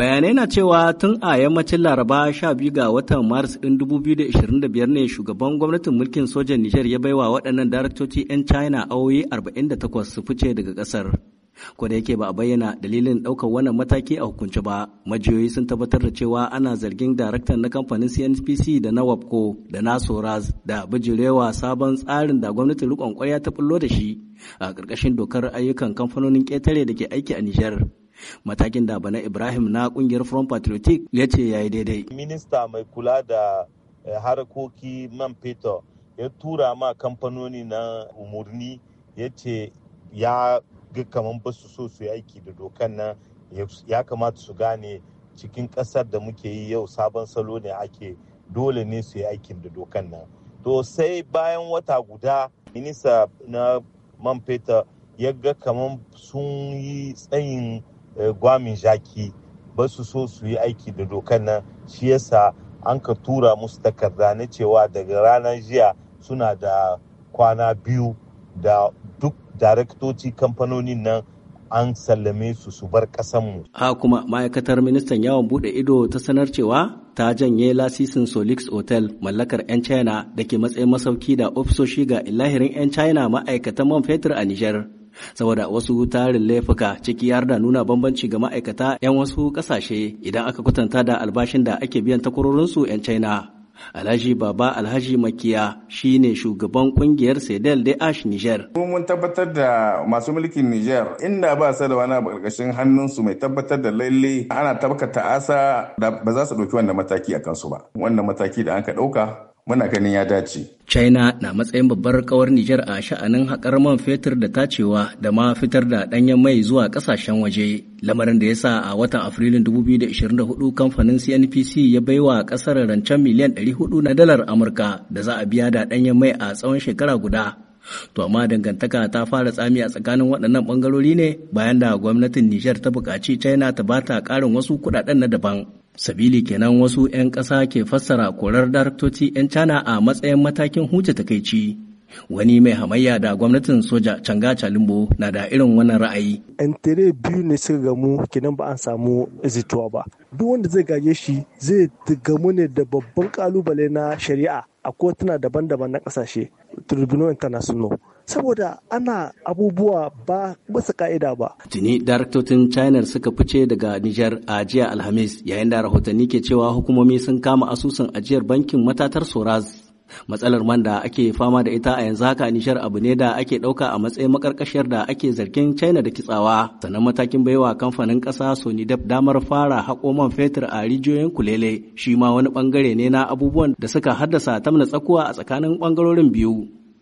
bayanai na cewa tun a yammacin laraba 12 ga watan maris ɗin 2025 ne shugaban gwamnatin mulkin sojan nijar ya baiwa waɗannan daraktoci 'yan china awoyi 48 su fice daga ƙasar ko da yake ba a bayyana dalilin ɗaukar wannan mataki a hukunci ba majiyoyi sun tabbatar da cewa ana zargin daraktan na kamfanin cnpc da na wapco da na da bijirewa sabon tsarin da gwamnatin riƙon ƙwarya ta bullo da shi a ƙarƙashin dokar ayyukan kamfanonin ƙetare da ke aiki a nijar matakin da bana ibrahim na kungiyar front patriotic ya ce ya yi daidai minista mai kula da eh, harkoki man fetur ya tura ma kamfanoni na umarni ya ce ya ga kamar ba su so su yi aiki da dokan nan ya kamata su gane cikin kasar da muke yi yau sabon salo ne ake dole ne su yi aikin da dokan nan to sai bayan wata guda minista na man fetur ya ga kamar sun yi tsayin Eh, gwamin jaki ba su so su yi aiki da dokar nan shi yasa an ka tura musu takarda na cewa daga ranar jiya suna da kwana biyu da duk daraktoci kamfanoni nan an sallame su su bar kasanmu. A kuma ma'aikatar ministan yawon bude ido ta sanar cewa ta janye lasisin Solix Hotel mallakar 'yan China da ke matsayin masauki da ofisoshi ga lahirin 'yan China ma'aikatan man fetur a Nijar. saboda wasu tarin laifuka ciki har da nuna bambanci ga ma'aikata 'yan wasu kasashe idan aka kwatanta da albashin da ake biyan takwarorinsu 'yan china alhaji baba alhaji makiya shine shugaban kungiyar sedel de ash niger mun tabbatar da masu mulkin niger inda ba su da wani ƙarƙashin hannunsu mai tabbatar da lalle ana tabbata asa da ba za su ɗauki wannan mataki a kansu ba wannan mataki da an ka ɗauka muna ganin ya dace. China na matsayin babbar kawar Nijar a sha'anin haƙar man fetur da tacewa da ma fitar da ɗanyen mai zuwa ƙasashen waje. Lamarin da ya sa a watan Afrilun 2024 kamfanin CNPC ya baiwa ƙasar rancen miliyan 400 na dalar Amurka da za a biya da ɗanyen mai a tsawon shekara guda. to amma dangantaka ta fara tsami a tsakanin waɗannan ɓangarori ne bayan da gwamnatin Nijar ta buƙaci China ta bata ƙarin wasu kuɗaɗen na daban. Sabili kenan wasu 'yan ƙasa ke fassara korar daraktoci 'yan Cana a matsayin matakin huce takaici. Wani mai hamayya da gwamnatin soja Canga Calimbo na da irin wannan ra'ayi. 'Yan tere biyu ne suka gamu kenan ba an samu zituwa ba. Duk wanda zai gaje shi zai gamu ne da babban kalubale na shari'a a kotuna daban-daban na ƙasashe. Tribunal International. saboda ana abubuwa ba bisa ka'ida ba. Tuni daraktocin China suka fice daga Nijar a jiya Alhamis yayin da rahotanni ke cewa hukumomi sun kama asusun ajiyar bankin matatar Soraz. Matsalar man da ake fama da ita a yanzu haka Nijar abu ne da ake ɗauka a matsayin makarkashiyar da ake zargin China da kitsawa. Sannan matakin baiwa kamfanin ƙasa da damar fara haƙo man fetur a rijiyoyin kulele shi ma wani ɓangare ne na abubuwan da suka haddasa tamna tsakuwa a tsakanin ɓangarorin biyu.